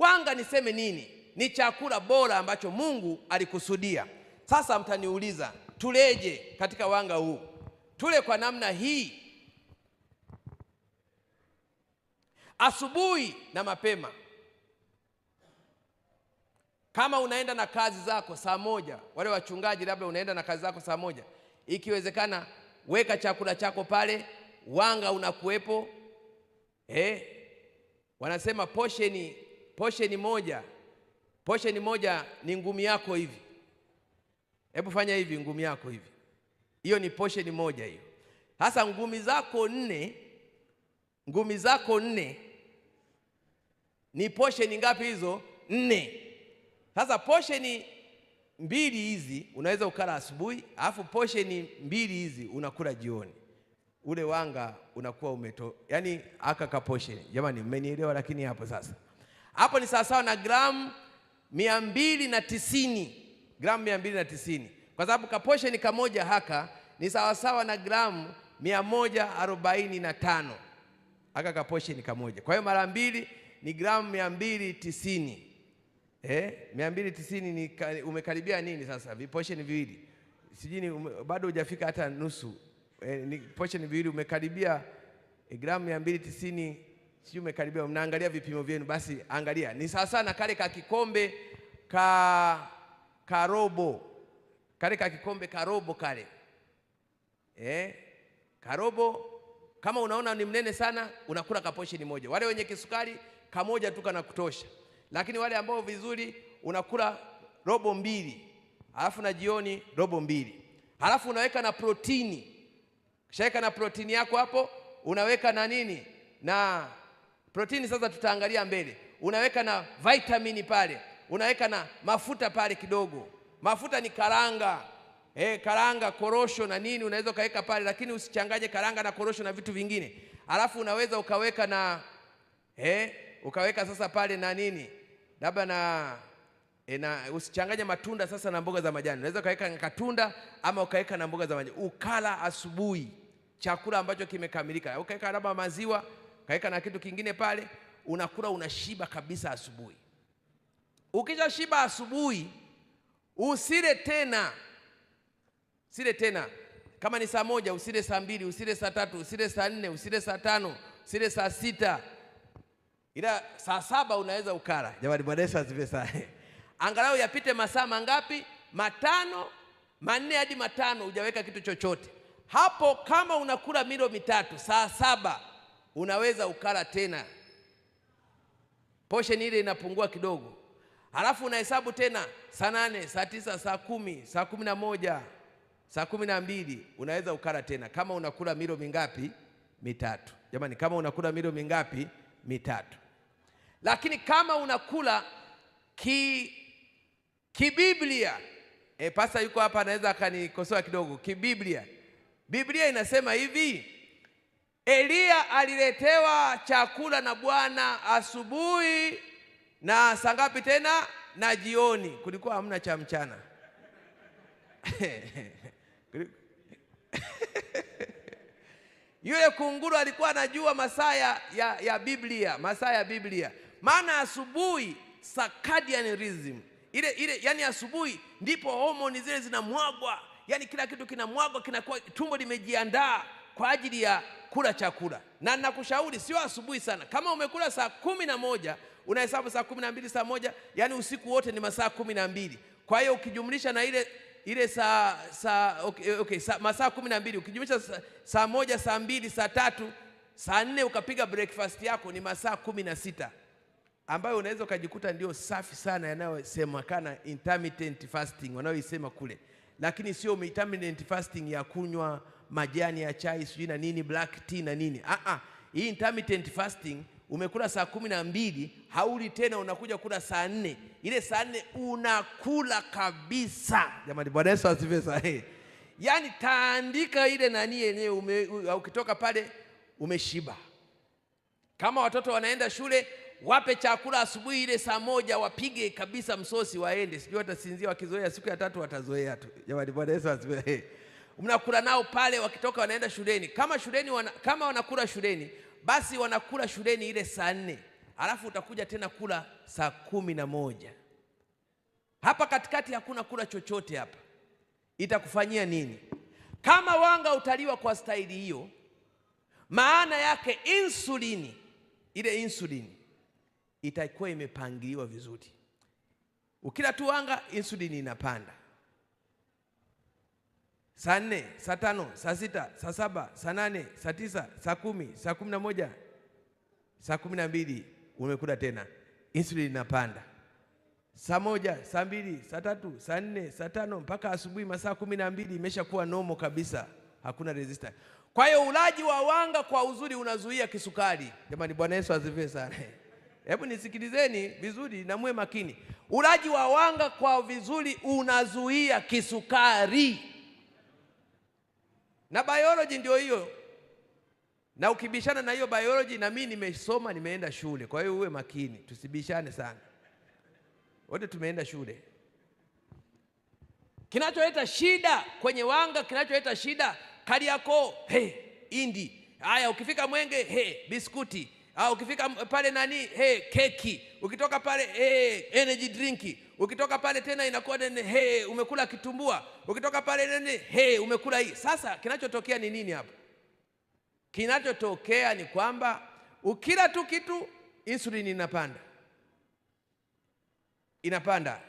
Wanga niseme nini? Ni chakula bora ambacho Mungu alikusudia. Sasa mtaniuliza, tuleje katika wanga huu? Tule kwa namna hii, asubuhi na mapema. Kama unaenda na kazi zako saa moja, wale wachungaji, labda unaenda na kazi zako saa moja, ikiwezekana weka chakula chako pale, wanga unakuwepo. Eh, wanasema posheni Posheni moja, posheni moja ni ngumi yako hivi. Hebu fanya hivi, ngumi yako hivi, hiyo ni posheni moja hiyo. Sasa ngumi zako nne, ngumi zako nne ni posheni ngapi hizo? Nne. Sasa posheni mbili hizi unaweza ukala asubuhi, alafu posheni mbili hizi unakula jioni ule wanga unakuwa umeto, yani aka kaposhe. Jamani, mmenielewa? Lakini hapo sasa hapo ni sawasawa na gramu mia mbili na tisini gramu mia mbili na tisini kwa sababu kaposheni kamoja haka ni sawasawa na gramu mia moja arobaini na tano haka kaposheni kamoja. Kwa hiyo mara mbili ni gramu mia mbili tisini eh, mia mbili tisini ni umekaribia nini sasa? Viposheni viwili sijui bado hujafika hata nusu eh, ni posheni viwili umekaribia eh, gramu mia mbili tisini siju umekaribia, mnaangalia vipimo vyenu, basi angalia ni sawa na kale ka kikombe ka karobo kale ka kikombe karobo kale eh? Karobo kama unaona ni mnene sana, unakula ni moja. Wale wenye kisukari kamoja tu kana kutosha, lakini wale ambao vizuri unakula robo mbili, alafu na jioni robo mbili, alafu unaweka na protini. Kishaweka na protini yako hapo, unaweka na nini na Protini sasa tutaangalia mbele, unaweka na vitamini pale, unaweka na mafuta pale kidogo. Mafuta ni karanga e, karanga, korosho na nini, unaweza ukaweka pale, lakini usichanganye karanga na korosho na vitu vingine. Alafu unaweza ukaweka na e, ukaweka sasa pale na nini labda na E na usichanganye matunda sasa na mboga za majani. Unaweza ukaweka na katunda ama ukaweka na mboga za majani, ukala asubuhi chakula ambacho kimekamilika, ukaweka labda maziwa kaweka na kitu kingine pale, unakula unashiba kabisa asubuhi. shiba asubuhi usile tena, sile tena. Kama ni saa moja usile saa mbili usile saa tatu usile saa nne usile saa tano usile saa sita ila saa saba unaweza ukala. Jamani, Bwana Yesu asifiwe sana. Angalau yapite masaa mangapi? Matano, manne hadi matano, hujaweka kitu chochote hapo. Kama unakula milo mitatu saa saba unaweza ukala tena, portion ile inapungua kidogo, halafu unahesabu tena saa nane, saa tisa, saa kumi, saa kumi na moja, saa kumi na mbili, unaweza ukala tena kama unakula milo mingapi? Mitatu. Jamani, kama unakula milo mingapi? Mitatu. Lakini kama unakula ki kibiblia e, pasta yuko hapa anaweza akanikosoa kidogo. Kibiblia, Biblia inasema hivi Eliya aliletewa chakula na Bwana asubuhi na saa ngapi tena? Na jioni, kulikuwa hamna cha mchana Yule kunguru alikuwa anajua masaa ya, ya, ya Biblia, masaa ya Biblia, maana asubuhi circadian rhythm ile ile, yani asubuhi ndipo homoni zile zinamwagwa, yani kila kitu kinamwagwa, kinakuwa tumbo limejiandaa kwa ajili ya kula chakula, na nakushauri sio asubuhi sana. Kama umekula saa kumi na moja unahesabu saa kumi na mbili saa moja, yaani usiku wote ni masaa kumi na mbili. Kwa hiyo ukijumlisha na ile ile saa, saa, okay, eh, okay, saa, masaa kumi na mbili ukijumlisha saa, saa moja saa mbili saa tatu saa nne ukapiga breakfast yako ni masaa kumi na sita ambayo unaweza ukajikuta ndio safi sana yanayosemekana intermittent fasting wanayoisema kule, lakini sio intermittent fasting ya kunywa majani ya chai sijui na nini black tea na nini ah ah. Hii intermittent fasting umekula saa kumi na mbili hauli tena, unakuja kula saa nne. Ile saa nne unakula kabisa. Jamani, Bwana Yesu asifiwe sahi Yaani taandika ile nani yenyewe, ukitoka pale umeshiba. Kama watoto wanaenda shule wape chakula asubuhi ile saa moja, wapige kabisa msosi, waende. Sijui watasinzia, wakizoea siku ya tatu watazoea tu. Jamani, Bwana Yesu asifiwe. Mnakula nao pale, wakitoka wanaenda shuleni. Kama shuleni wana, kama wanakula shuleni, basi wanakula shuleni ile saa nne, alafu utakuja tena kula saa kumi na moja. Hapa katikati hakuna kula chochote hapa, itakufanyia nini? Kama wanga utaliwa kwa staili hiyo, maana yake insulini ile insulini itakuwa imepangiliwa vizuri. Ukila tu wanga, insulini inapanda. Saa nne, saa tano, saa sita, saa saba, saa nane, saa tisa, saa kumi, saa kumi na moja, saa kumi na mbili umekula tena, insulini inapanda. Saa moja, saa mbili, saa tatu, saa nne, saa tano mpaka asubuhi masaa kumi na mbili imeshakuwa nomo kabisa, hakuna resistance. Kwa hiyo ulaji wa wanga kwa uzuri unazuia kisukari. Jamani, Bwana Yesu asifiwe sana. Hebu nisikilizeni vizuri na muwe makini. Ulaji wa wanga kwa vizuri unazuia kisukari, na biology ndio hiyo, na ukibishana na hiyo biology, na mimi nimesoma, nimeenda shule. Kwa hiyo uwe makini, tusibishane sana, wote tumeenda shule. Kinacholeta shida kwenye wanga, kinacholeta shida Kariakoo, he, indi haya, ukifika Mwenge, he, biskuti au ah, ukifika pale nani, hey, keki. Ukitoka pale hey, energy drink. Ukitoka pale tena inakuwa nene, hey, umekula kitumbua. Ukitoka pale nene, hey, umekula hii. Sasa kinachotokea ni nini hapo? Kinachotokea ni kwamba ukila tu kitu insulin inapanda, inapanda,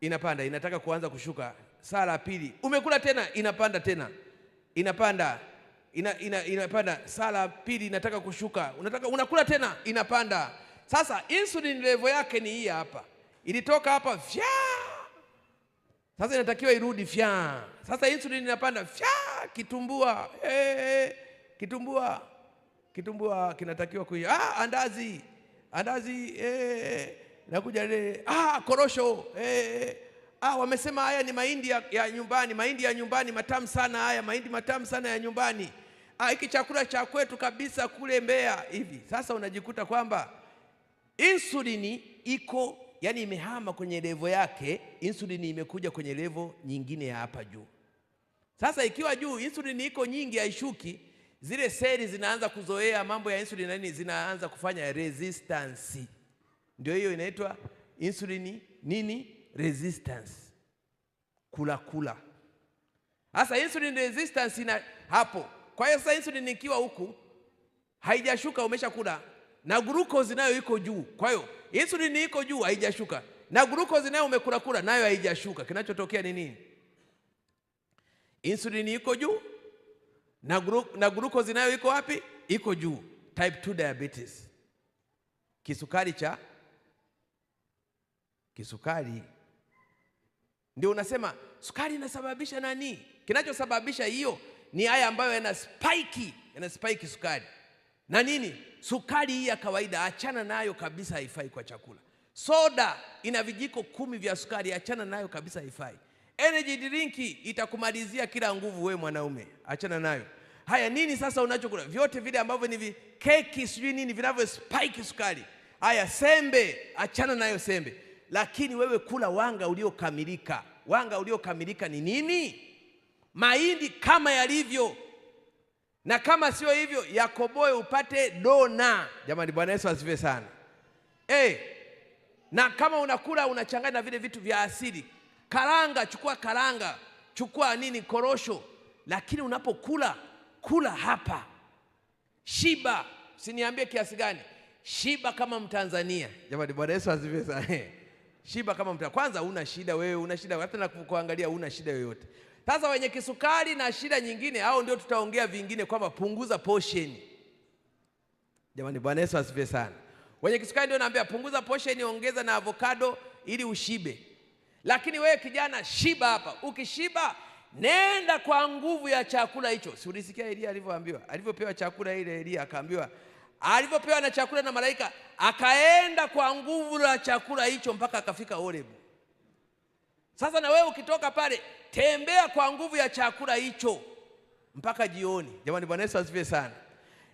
inapanda, inataka kuanza kushuka. Saa la pili umekula tena, inapanda tena, inapanda ina, ina, inapanda. Sala pili inataka kushuka, unataka unakula tena, inapanda. Sasa insulin level yake ni hii hapa, ilitoka hapa fya, sasa inatakiwa irudi fya. Sasa insulin inapanda fya, kitumbua hey, eh, eh, eh. kitumbua kitumbua kinatakiwa kuja. Ah, andazi andazi hey, nakuja le ah, korosho hey. Ah, wamesema haya ni mahindi ya, ya nyumbani, mahindi ya nyumbani matamu sana haya, mahindi matamu sana ya nyumbani. Ah, hiki chakula cha kwetu kabisa kule Mbeya hivi. Sasa unajikuta kwamba insulini iko yani imehama kwenye levo yake, insulini imekuja kwenye levo nyingine ya hapa juu. Sasa ikiwa juu insulini iko nyingi, haishuki, zile seli zinaanza kuzoea mambo ya insulini na nini, zinaanza kufanya resistance. Ndio hiyo inaitwa insulini nini, resistance, kula kula. Sasa insulin resistance ina hapo kwa hiyo sasa insulin nikiwa huku haijashuka, umeshakula na glucose nayo iko juu. Kwa hiyo insulin iko juu haijashuka, na glucose nayo umekula kula nayo haijashuka. Kinachotokea ni nini? Insulin iko juu na, gru, na glucose nayo iko wapi? Iko juu. Type 2 diabetes, kisukari cha kisukari. Ndio unasema sukari inasababisha nani? Kinachosababisha hiyo ni haya ambayo yana spike, yana spike sukari na nini. Sukari hii ya kawaida achana nayo kabisa, haifai kwa chakula. Soda ina vijiko kumi vya sukari, achana nayo kabisa, haifai. Energy drink itakumalizia kila nguvu, we mwanaume, achana nayo. Haya, nini sasa unachokula? Vyote vile ambavyo ni vi, keki sijui nini vinavyo spike sukari. Haya, sembe, achana nayo sembe. Lakini wewe kula wanga uliokamilika. Wanga uliokamilika ni nini? mahindi kama yalivyo, na kama sio hivyo yakoboe upate dona. Jamani, Bwana Yesu asifiwe sana eh. Na kama unakula unachanganya na vile vitu vya asili, karanga, chukua karanga, chukua nini, korosho, lakini unapokula kula hapa, shiba. Siniambie kiasi gani, shiba kama Mtanzania. Jamani, Bwana Yesu asifiwe sana. Shiba kama Mtanzania. kwanza, una shida wewe, una shida hata na kuangalia, una shida yoyote. Sasa wenye kisukari na shida nyingine, hao ndio tutaongea vingine kwamba punguza portion. Jamani, Bwana Yesu asifiwe sana. Wenye kisukari ndio naambia punguza portion, ongeza na avocado ili ushibe. Lakini wewe kijana, shiba hapa. Ukishiba nenda kwa nguvu ya chakula hicho. Si ulisikia Elia alivyoambiwa, alivyopewa chakula ile Elia akaambiwa, alivyopewa na chakula na malaika, akaenda kwa nguvu la chakula hicho mpaka akafika Horebu. Sasa na wewe ukitoka pale tembea kwa nguvu ya chakula hicho mpaka jioni. Jamani, Bwana Yesu asifiwe sana.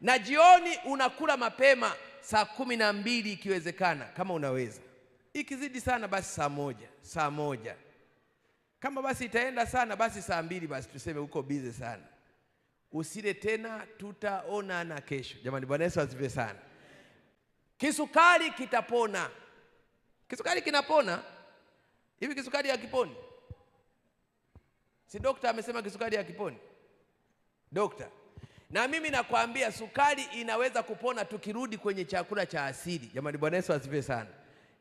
Na jioni unakula mapema saa kumi na mbili ikiwezekana, kama unaweza. Ikizidi sana basi saa moja, saa moja. Kama basi itaenda sana basi saa mbili, basi tuseme uko bize sana. Usile tena, tutaonana kesho. Jamani, Bwana Yesu asifiwe sana. Kisukari kitapona. Kisukari kinapona hivi? Kisukari hakiponi? Si dokta amesema kisukari hakiponi? Dokta, na mimi nakwambia sukari inaweza kupona tukirudi kwenye chakula cha asili. Jamani, Bwana Yesu asifiwe sana.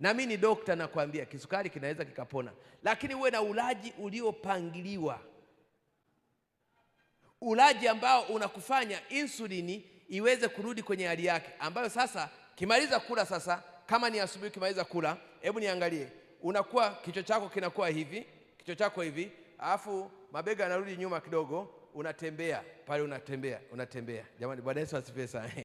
Na mimi ni dokta, nakwambia kisukari kinaweza kikapona, lakini uwe na ulaji uliopangiliwa, ulaji ambao unakufanya insulini iweze kurudi kwenye hali yake, ambayo sasa kimaliza kula sasa, kama ni asubuhi, kimaliza kula, hebu niangalie, unakuwa kichwa chako kinakuwa hivi, kichwa chako hivi alafu mabega yanarudi nyuma kidogo, unatembea pale, unatembea unatembea. Jamani, Bwana Yesu asifiwe sana.